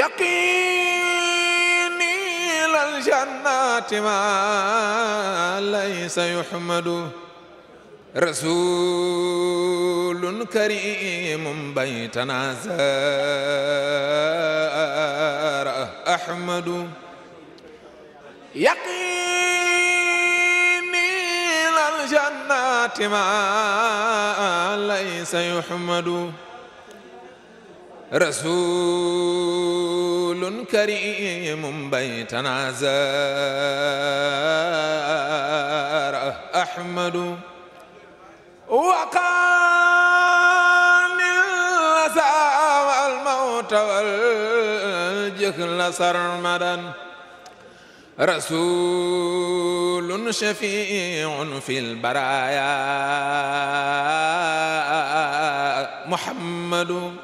yaqini lal jannati ma laysa yuhmadu rasulun karimun baytana zara ahmadu yaqini lal jannati ma laysa yuhmadu رسول كريم بيتنا زار أحمد وقام وسام الموت والجهل سرمدا رسول شفيع في البرايا محمد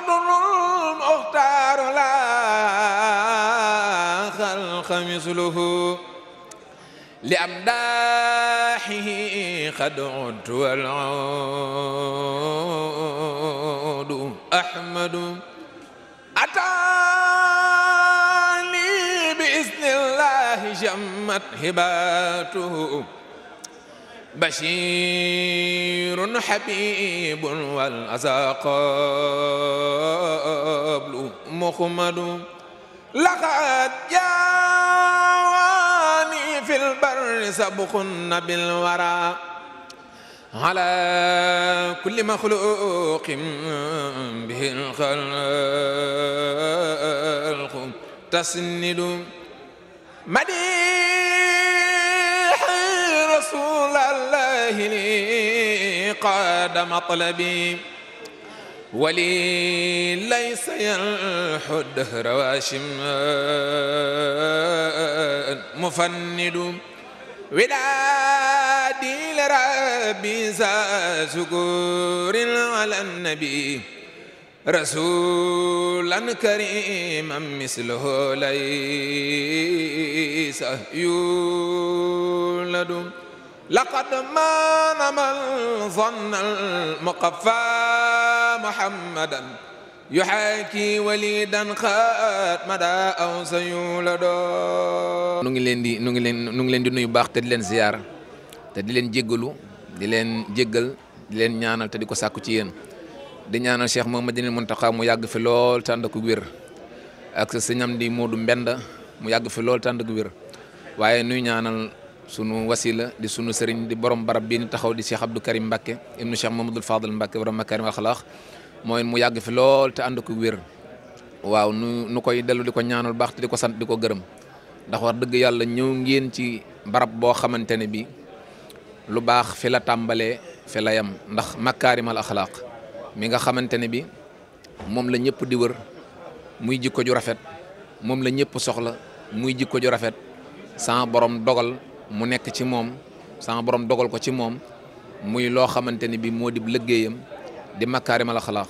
ahmadul muxtaaru laa xalqa misluhu li am daaxihi xad udd wal udu ahmadu ataani bi isnillahi jammat hibaatuhu بشير حبيب والأزاقاب مخمد لقد جاواني في البر سبقن بالورى على كل مخلوق به الخلق تسند مدين لي قاد مطلبي ولي ليس يلح الدهر واشم مفند ولادي لربي ذا سكور على النبي رسولا كريما مثله ليس يولد لقد مان من ظن المقفى محمدا yuxaaki walidan xaat mada aw sa yuladoo nu ngi leen di nu ngi leen nu ngi leen di nuyu baax te di leen ziyaar te di leen jéggalu di leen jéggal di leen ñaanal te di ko sàkku ci yéen di ñaanal Cheikh Mouhamadoul Mountakha mu yàgg fi lool te ànd ak wér ak sa sëñam di Mbend mu yàgg fi lool te ànd ak wér nuy ñaanal sunu wasila di sunu sëriñ di boroom barab bii ñu taxaw di Cheikh Abdou du Mbacke ibnu Cheikh Mamadou Fadal Mbacke borom makarim mu yàgg fi lool te ànd ko wér waaw nu nu koy dellu di ko ñaanal baax te di ko sant di ko gërëm ndax dëgg yàlla ñëw ngeen ci barab boo xamante ne bi lu baax fi la tàmbalee fi la yam ndax makaarimal axlaaq mi nga xamante ne bi moom la ñëpp di wër muy jikko ju rafet moom la ñëpp soxla muy jikko ju rafet sans borom dogal mu nekk ci moom sama borom dogal ko ci moom muy loo xamante ni bi moo di liggéeyam di makkaarimal axlaaq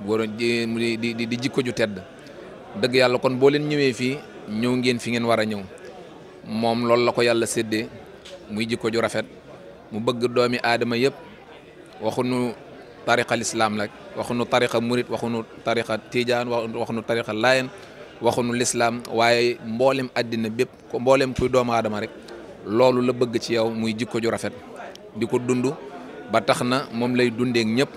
góor di di di jikko ju tedd dëgg yàlla kon boo leen ñëwee fii ñëw ngeen fi ngeen war a ñëw moom loolu la ko yàlla séddee muy jikko ju rafet mu bëgg doomi aadama yëpp waxuñu tariqa lislaam rek waxuñu tariqa murit waxuñu tariqa tijaan waxuñu tariqa layen waxunu lislaam waaye mboolem àddina bépp mboolem kuy doomu aadama rek loolu la bëgg ci yow muy jikko ju rafet di ko dund ba tax na moom lay dundeek ñëpp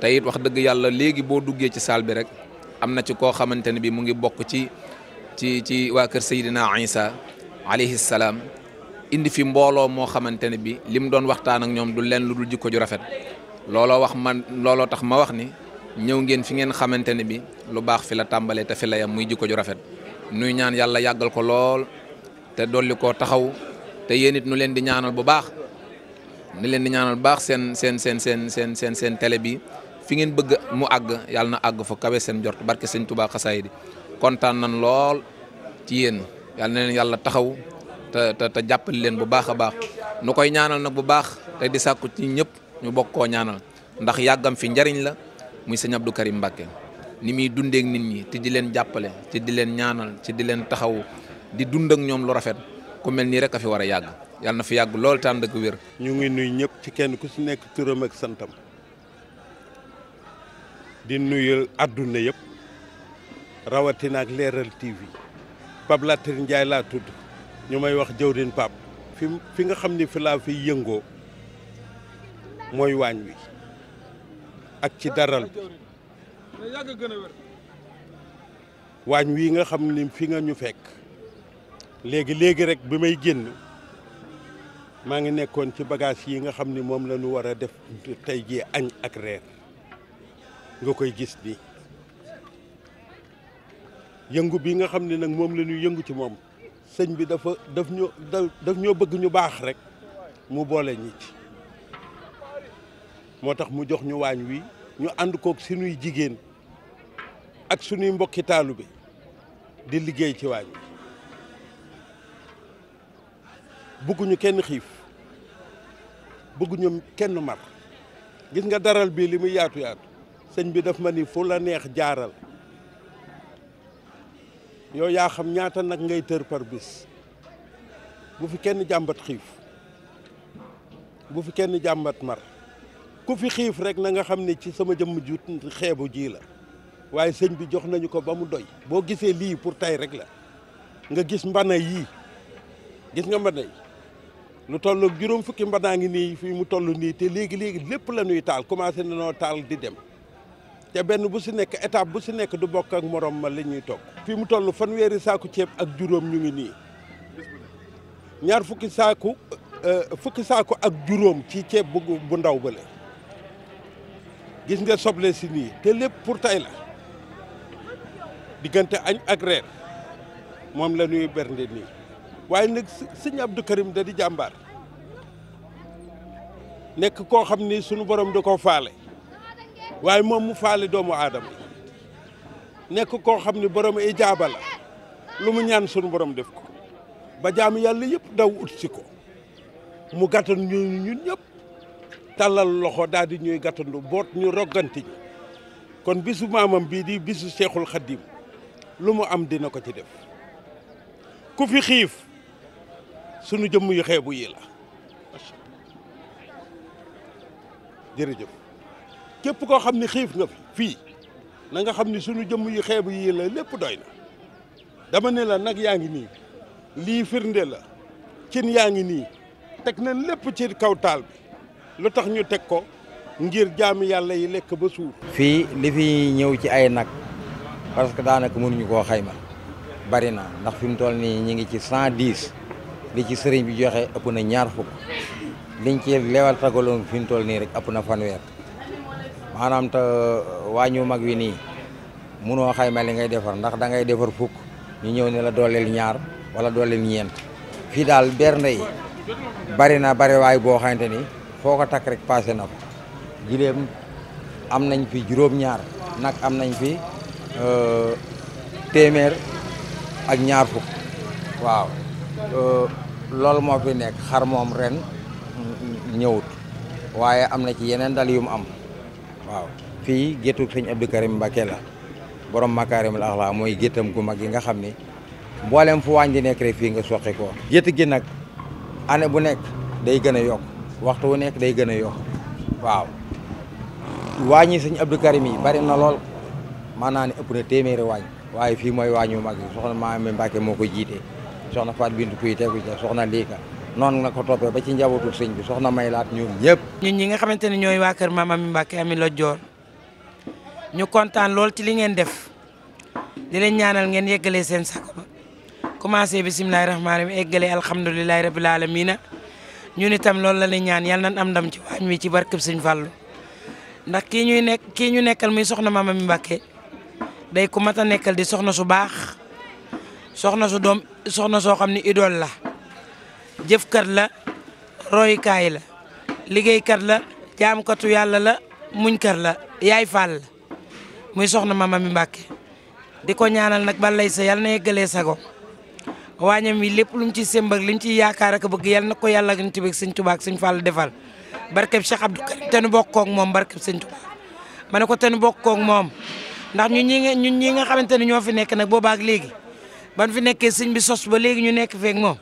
te it wax dëgg yàlla léegi boo duggee ci saal bi rek am na ci koo xamante ne bi mu ngi bokk ci ci ci waa kër Seydina Isa alayhi salaam indi fi mbooloo moo xamante ne bi li mu doon waxtaan ak ñoom du leen lu dul jikko ju rafet looloo wax man looloo tax ma wax ni ñëw ngeen fi ngeen xamante ne bi lu baax fi la tàmbalee te fi la yam muy jikko ju rafet nuy ñaan yàlla yàggal ko lool te yéen it nu leen di ñaanal bu baax nu leen di ñaanal bu baax seen seen seen seen seen seen seen télé bi fi ngeen bëgg mu àgg yàlla na àgg fa kawe seen jort barke sëñ Tuubaa xasaay di kontaan nan lool ci yéen yàlla na leen yàlla taxaw te te te jàppale leen bu baax a baax nu koy ñaanal nag bu baax te di sàkku ci ñëpp ñu bokk koo ñaanal ndax yàggam fi njariñ la muy sëñ Abdou Karim Mbacke ni muy dundeek nit ñi te di leen jàppale te di leen ñaanal te di leen taxaw di dund ak ñoom lu rafet ku mel nii rek a fi war a yàgg yàlla na fi yàgg lool tànn ak wér. ñu ngi nuyu ñëpp ci kenn ku si nekk turam ak santam di nuyul àdduna yëpp rawatina ak leeral TV Pape Latir Ndiaye laa tudd ñu may wax jëwrin Pape fi nga xam ni fi yëngoo mooy waañ wi ak ci daral bi waañ wi nga xam ni fi nga ñu fekk. léegi léegi rek bi may génn maa ngi nekkoon ci bagage yi nga xam ni moom la ñu war a def tey jii añ ak reer nga koy gis bi yëngu bi nga xam ni nag moom la ñuy yëngu ci moom sëñ bi dafa daf ñoo daf ñoo bëgg ñu baax rek mu boole ñi ci moo tax mu jox ñu waañ wi ñu ànd kook nuy jigéen ak suñuy mbokki taalu bi di liggéey ci waañ wi bëgguñu kenn xiif bëgguñu kenn mar gis nga daral bii li muy yaatu yaatu sëñ bi daf ma ni fu la neex jaaral yow yaa xam ñaata nag ngay tër par bis bu fi kenn jàmbat xiif bu fi kenn jàmbat mar ku fi xiif rek na nga xam ne ci sama jëmm ju xeebu ji la waaye sëñ bi jox nañu ko ba mu doy boo gisee lii pour tey rek la nga gis mbana yii gis nga mbana yi lu toll juróom fukki mbanaa ngi nii fii mu toll nii te léegi léegi lépp la ñuy taal commencé nañoo taal di dem te benn bu si nekk étape bu si nekk du bokk ak morom ma la ñuy toog. fii mu fan fanweeri saaku ceeb ak juróom ñu ngi nii ñaar fukki saaku euh, fukki saaku ak juróom ci ceeb bu bu ndaw bële gis nga soble si nii te lépp pour tey la diggante añ ak moom la ñuy bernde nii. waaye nag sëñ Abdou Karim da di jàmbaar nekk koo xam ni sunu borom da koo faale waaye moom mu faale doomu aadama nekk koo xam ni borom ijaaba jaabala lu mu ñaan sunu borom def ko ba jaamu yàlla yëpp daw ut si ko mu gàttan ñu ñun ñëpp tàllal loxo daal di ñuy gàttandu boot ñu rogganti ñi kon bisu maamam bii di bisu seexul xaddim lu mu am dina ko ci def ku fi xiif sunu jëmm yu xeebu yi la jërëjëf képp koo xam ne xiif nga fi fii nanga xam ne sunu jëmm yu xeebu yi la lépp doy na dama ne la nag yaa ngi nii lii firnde la cin yaa ngi nii teg nan lépp ci kaw taal bi lu tax ñu teg ko ngir jaami yàlla yi lekk ba suuf fii li fi ñëw ci ay nag parce que daanaka mënuñu koo xayma bari na ndax fi mu toll nii ñu ngi ci cent dix li ci sëriñ bi joxe ëpp na ñaar fukk liñ ci lewal tagaloon fi mu toll nii rek ëpp na fanweer maanaam te uh, waañu mag wi nii munoo xayma li ngay defar ndax da ngay defar fukk ñu ñëw ne la dooleel ñaar wala dooleel ñeent fii daal bernde yi bari na bari waay boo xamante ni foo ko takk rek passé na ko giléem am nañ fi juróom-ñaar nag am nañ fi uh, téeméer ak ñaar fukk waaw Euh, loolu moo fi nekk xar moom ren ñëwut waaye am na ci yeneen dal yu mu am waaw fii géttu sëñ Abdou Karim Mbacké la borom makaarimul axlaa mooy géttam gu mag yi nga xam ni mboolem fu waañ di nekk rek fii nga soqi ko gétt gi nag année bu nekk day gën a yokk waxtu wu nekk day gën a yokk waaw waañi sëñ Abdou Karim yi bari na lool maanaam ëpp na téeméeri waañ waaye fii mooy waañu mag yi soxna Maami Mbacké moo ko jiite soxna Faat Bintu kuy tegu ca soxna Liika noonu nga ko toppee ba ci njabootu sëñ bi soxna may laat ñoom ñëpp. ñu ñi nga xamante ne ñooy waa kër maam Amy Mbacké Amy Lo kontaan lool ci li ngeen def di ñaanal ngeen yeggalee seen sako ba commencé bisimilahi rahmaani rahim eggalee alhamdulilahi rabil alamina ñun itam loolu la lay ñaan yàlla nañ am ndam ci waañ wi ci barkeb sëñ Fallou ndax kii ñuy nekk kii ñu nekkal muy soxna maam Amy Mbacké day ku mat a nekkal di soxna su baax. soxna su doom soxna soo xam ne idole la jëfkat la roykaay la liggéeykat la jaamkatu yàlla la muñ muñkat la yaay faal la muy soxna mama mi Mbàkke di ko ñaanal nag ba lay sa yàlla na yeggalee sago waañam yi lépp lu mu ci sëmb ak li ciy yaakaar ak bëgg yàlla na ko yàlla ak nit bi sëñ Tuubaa ak sëñ Fall defal barkeb Cheikh Abdou Karim te nu bokkoo moom barkeb sëñ Tuubaa ma ne ko te nu bokkoo moom ndax ñu ñi nga ñun xamante ne ñoo fi nekk nag boobaak léegi ban fi nekkee sëñ bi sos ba léegi ñu nekk feek moom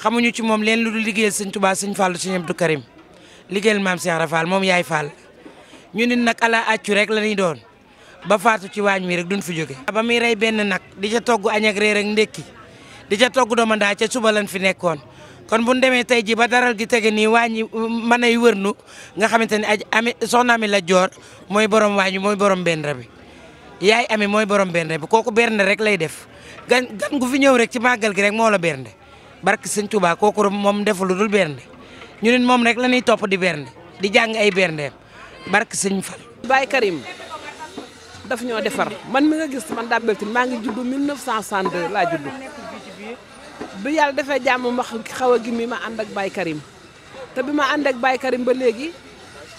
xamuñu ci moom leen lu dul liggéeyal sëñ Tuubaa sëñ Fàllu sëñ Abdou Karim liggéeyal maam Cheikh Rafal moom yaay Fall ñu nit nag ala accu rek la ñuy doon ba faatu ci waañ mi rek duñ fi jóge ba muy rey benn nag di ca togg a ak reer ak ndékki di ca togg domandaa ca suba lañ fi nekkoon kon bu ñu demee tey ji ba daral gi tege nii waañi mën ay nu nga xamante ne aj ami soxna mi la joor mooy borom waañu mooy borom bi yaay ami mooy borom benn bi kooku benn rek lay def gan gan gu fi ñëw rek ci màggal gi rek moo la bernde barke sëñ Touba kooku moom deful lu dul bernde ñu moom rek la ñuy topp di bernde di jàng ay berndeem barke sëñ Fall. Baye Karim daf ñoo defar man mi nga gis man daa beltin maa ngi judd 1962 laa judd bi yàlla defee jàmm ma xaw a gimmi ma ànd ak Baye Karim te bi ma ànd ak Baye Karim ba léegi.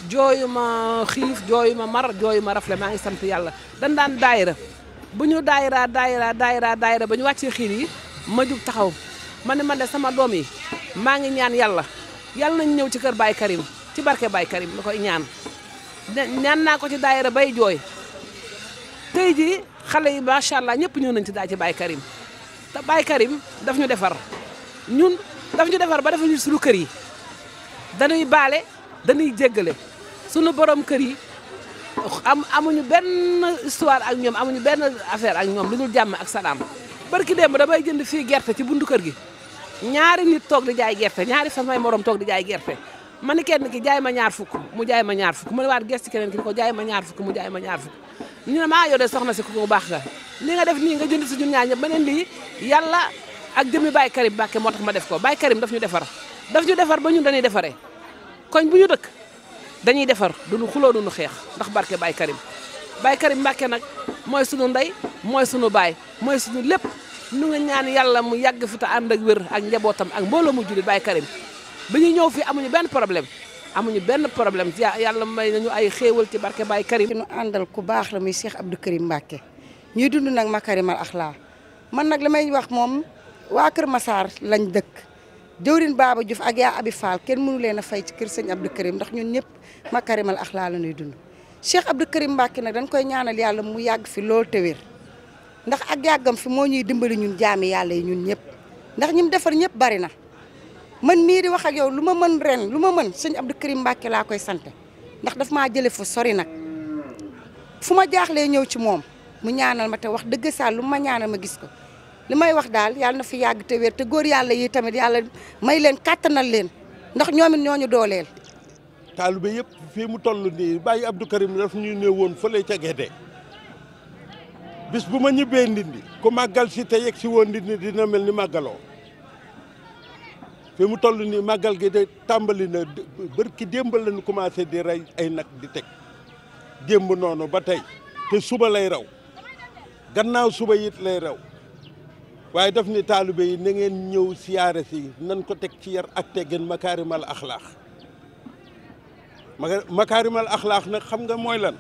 jooyu ma xiif jooyu ma mar jooyu ma rafle maa ngi sant yàlla dan daan daayira bu ñu daayira daayira daayira daayira ba ñu wàccee xiir yi ma jug taxaw man ne man de sama doom yi maa ngi ñaan yàlla yalla nañ ñëw ci kër Baye Karim ci barke Baye Karim la koy ñaan ñaan naa ko ci daayira bay jooy tey ji xale yi macha allah ñëpp ñëw nañ ci daa ci Baye Karim te Baye Karim daf ñu defar ñun daf ñu defar ba defuñu suñu kër yi dañuy baale dañuy jéggale sunu borom kër yi am amuñu benn histoire ak ñoom amuñu benn affaire ak ñoom lu dul jàmm ak salaam barki démb damay jënd fii gerte ci buntu kër gi ñaari nit toog di jaay gerte ñaari samay morom toog di jaay gerte ma ni kenn ki jaay ma ñaar fukk mu jaay ma ñaar fukk ma ne gerte keneen ki ni jaay ma ñaar fukk mu jaay ma ñaar fukk ñu ne maa ah, yow de soxna si ku baax nga li nga def nii nga jënd si ñun ñaar ñëpp beneen lii yàlla ak jëmmi Baye Karim Mbacke moo tax ma def ko Baye Karim daf ñu defar daf ñu defar ba ñun dañuy defaree koñ bu ñu dëkk dañuy defar duñu xuloo duñu xeex ndax barke Baye Karim Baye Karim Mbàkke nag mooy sunu ndey mooy sunu baay mooy sunu lépp nu nga ñaan yàlla mu yàgg fi te ak wér ak njabootam ak mbooloo mu jullit Baye Karim bi ñuy ñëw fii amuñu benn problème amuñu benn problème yàlla may nañu ay xéewal ci barke Baye Karim nu àndal ku baax la muy Cheikh Abdou Karim Mbàkke ñuy dund nag makarimal axlaa man nag la may wax moom waa Kër masaar lañ dëkk jëwrin baaba Diouf ak yaa Abi Fall kenn mënu leen a fay ci kër sëñ Abdou Karim ndax ñun ñëpp makarimal laa la ñuy dund Cheikh Abdou Karim Mbacké nag dañ koy ñaanal yàlla mu yàgg fi loolu te wér ndax ak yàggam fi moo ñuy dimbali ñun jaami yàlla yi ñun ñëpp ndax ñim defar ñëpp bari na man mii di wax ak yow lu ma mën ren lu ma mën sëñ Abdou Karim Mbacké laa koy sant ndax daf maa jële fu sori nag fu ma jaaxlee ñëw ci moom mu ñaanal ma te wax dëgg saa lu ma gis ko li may wax daal yàlla na fi yàgg te wér te góor yàlla yii tamit yàlla may leen kàttanal leen ndax ñoom it ñoo ñu dooleel. taalibe yëpp fii mu toll nii bàyyi Abdou Karim daf ñu ne woon lay ca Gédé bis bu ma ñibbee Ndindi ku màggal si te yegg si woon Ndindi dina mel ni màggaloo fi mu toll nii màggal gi de tàmbali na bërki démb lañu commencé di rey ay nag di teg démb noonu ba tey te suba lay raw gannaaw suba yit lay rew waaye daf ni taalibe yi na ngeen ñëw siyaare si nan ko teg ci yar ak teggin makaarimal axlaax makaarimal axlaax nag xam nga mooy lan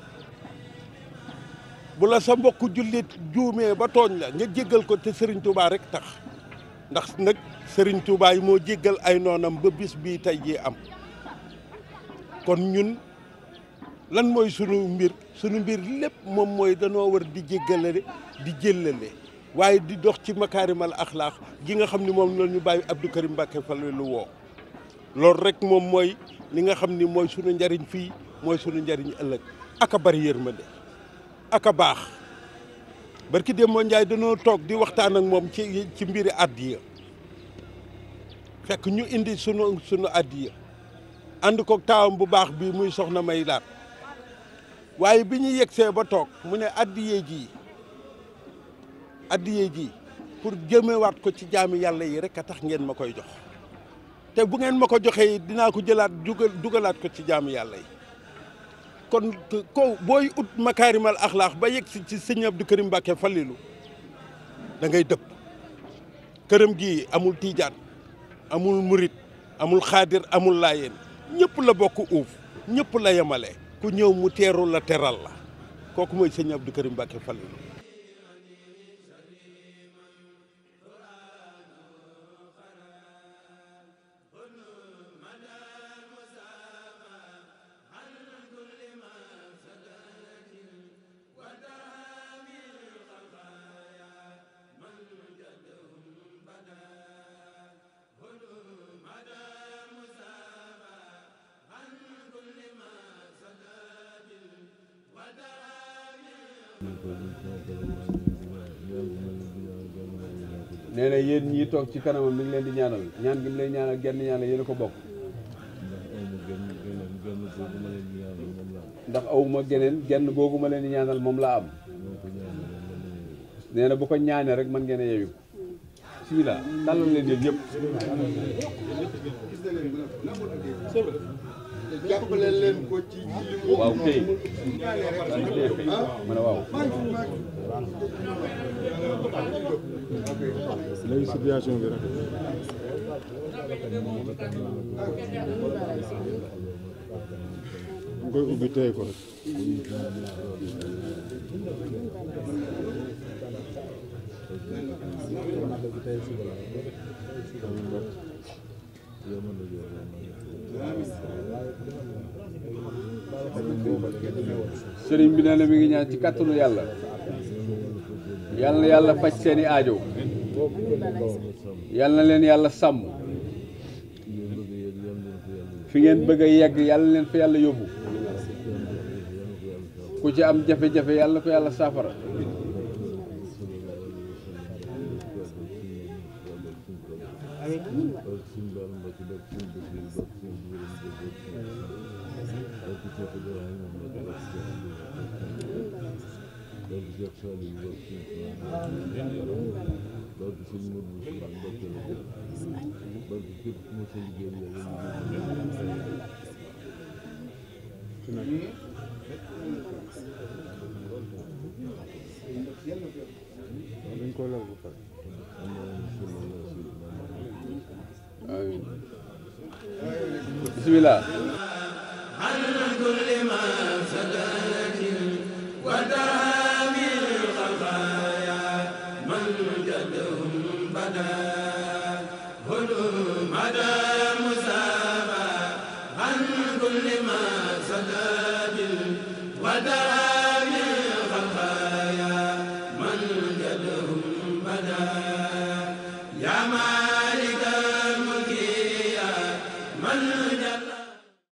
bu la sa mbokk jullit juumee ba tooñ la nga jéggal ko te Serigne Touba rekk tax ndax nag Serigne Touba yi moo jéggal ay noonam ba bis bii tey jii am kon ñun lan mooy sunu mbir sunu mbir lépp moom mooy danoo war di jéggale di jëllale waaye di dox ci makaarimal axlaax gi nga xam ni moom la ñu bàyyi abdu Karim Mbacke Fallou lu woo loolu rek moom mooy li nga xam ni mooy sunu njariñ fii mooy sunu njariñ ëllëg ak a bari yërmande ak a baax barki démb Ndiaye dañoo toog di waxtaan ak moom ci ci mbiri addiya fekk ñu indi sunu sunu addiya ànd ko taawam bu baax bii muy soxna may laat waaye bi ñu yegsee ba toog mu ne addiya ji addiyee ji pour jëmewaat ko ci jaami yàlla yi rek a tax ngeen ma koy jox te bu ngeen ma ko joxee dinaa ko jëlaat dugal dugalaat ko ci jaami yàlla yi kon ko booy ut makaarimal axlaax ba yegg si ci sëñ Abdou Karim Mbacke Fallilu da dangay dëpp këram gi amul tiijaan amul murit amul xaadir amul laayeen ñëpp la bokk uuf ñëpp la yemale ku ñëw mu teeru la teral la kooku mooy sëñ Abdou Karim Mbacke Fallilu nee na ñi ñii toog ci kanamam mi ngi leen di ñaanal ñaan gi mu leen ñaanal genn ñaan la ko bokk. ndax awuma geneen genn googu ma leen di ñaanal moom laa am. nee bu ko ñaanee rek man ngeen a yeewu. bisimilah tàllal leen jàppale leen ko ci li mu. waaw kay ah? ma koy ubbi tey ko sëriñ bi nee na mi ngi ñaan ci kàttanu yàlla yal yàlla faj seeni aajo yal leen yàlla sàmm fi ngeen bëgg a yegg yàlla leen fi yàlla yóbbu ku ci am jafe-jafe yal na yàlla saafara dañ ko lal bu pare bismillah